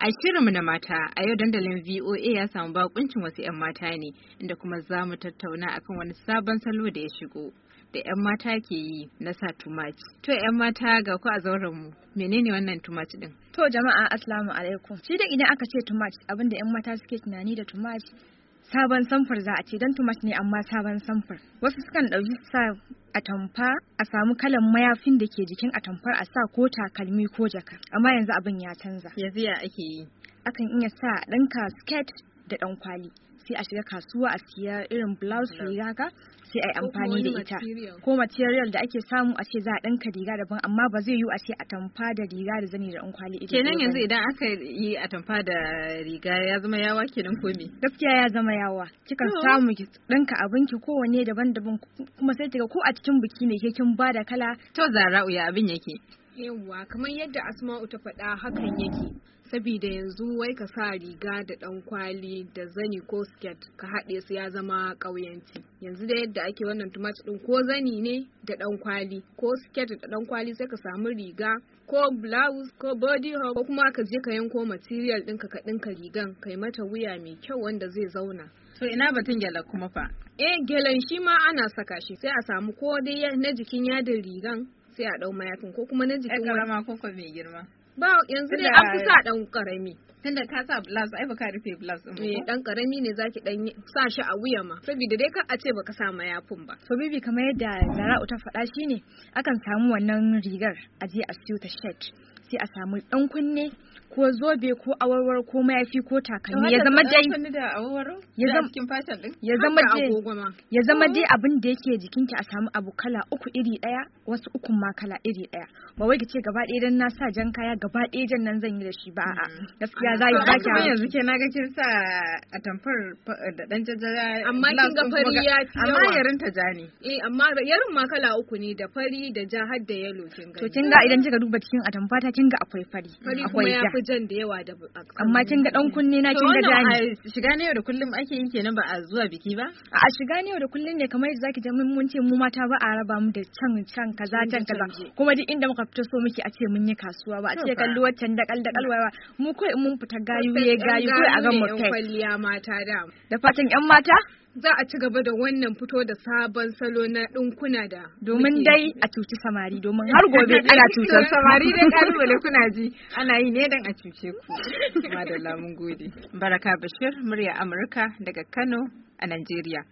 A shirin mu na mata a yau dandalin VOA ya samu bakuncin wasu 'yan mata ne inda kuma za mu tattauna akan wani sabon salo da ya shigo da 'yan mata ke yi na sa tumaci. To 'yan mata ga ku a zauren mu menene wannan tumaci din? To jama'a assalamu alaikum. Shi da idan aka ce tumaci abinda 'yan mata suke tunani da tumaci sabon samfur za a ce don tumat ne amma sabon samfur wasu sukan ɗauki sa atamfa a samu kalan mayafin da ke jikin atamfar a sa ko takalmi ko jaka amma yanzu abin ya canza yanzu ya ake yi akan iya sa ɗanka sket da ɗan kwali sai a shiga kasuwa a siya irin blouse riga sai a yi amfani da ita ko material da ake samu a ce za a ɗinka riga daban amma ba zai yiwu a ce a tamfa da riga da zani da kwali ita kenan yanzu idan aka yi a tamfa da riga ya zama yawa kenan ko me gaskiya ya zama yawa kikan oh. samu ki ɗinka abin ki kowanne daban-daban kuma sai ga ko a cikin biki ne ke kin bada kala to zara'u ya abin yake yawwa kamar yadda asma'u ta faɗa hakan yake saboda yanzu wai ka sa riga da ɗan kwali da zani ko sket ka haɗe su ya zama ƙauyanci yanzu da yadda ake wannan tumatir ɗin ko zani ne da ɗan kwali ko sket da ɗan kwali sai ka samu riga ko blouse ko body hug ko kuma ka je ka yanko material ɗinka ka ɗinka rigan ka yi mata wuya mai kyau wanda zai zauna to so, ina batun gyalar kuma fa eh gyalan shi ma ana saka shi sai a samu ko dai na jikin yadin rigan sai a dau mayafin ko kuma na jikin wani. ko ko mai girma. Ba yanzu ne an fi sa dan karami. Tunda ka sa blouse ai baka rufe blouse din. Eh dan karami ne zaki dan sa shi a wuya ma. Saboda dai ka a ce baka sa mayafin ba. To bibi kamar yadda Zara'u ta faɗa ne akan samu wannan rigar a je a siyo ta shirt. sai a samu dan kunne ko zobe ko awarwar ko mayafi ko takalmi ya zama dai ya zama dai ya zama dai abin da yake jikinki a samu abu kala uku iri daya wasu uku ma kala iri daya ba wai kace gaba ɗaya dan na sa jan kaya gaba ɗaya jan nan zan yi da shi ba a mm. gaskiya za yi baki yanzu ke naga kin sa a tamfar eh, da dan jajjara amma kin ga fari ya fi yawa amma yarin ta jani eh amma yarin ma kala uku ne da fari da ja har da yellow kin ga to kin ga idan kika duba cikin atamfa ta kin ga akwai fari akwai ja fi jan da yawa da amma kin ga dan kunne na kin ga jani shiga ne yau da kullum ake yin kenan ba a zuwa biki ba a shiga ne yau da kullum ne kamar yadda zaki ji mun mun ce mu mata ba a raba mu da can can kaza can kaza kuma duk inda muka fito so muke a ce mun yi kasuwa ba a ce kalli waccan da kal da kalwa mu kai mun fita gayu ye gayu kai a ga mu kai da fatan yan mata za a ci gaba da wannan fito da sabon salo na ɗinkuna da domin dai a cuci samari domin har gobe ana cutar samari dai kalubale kuna ji ana yi ne dan a cuce ku madalla mun gode baraka bashir murya amurka daga kano a najeriya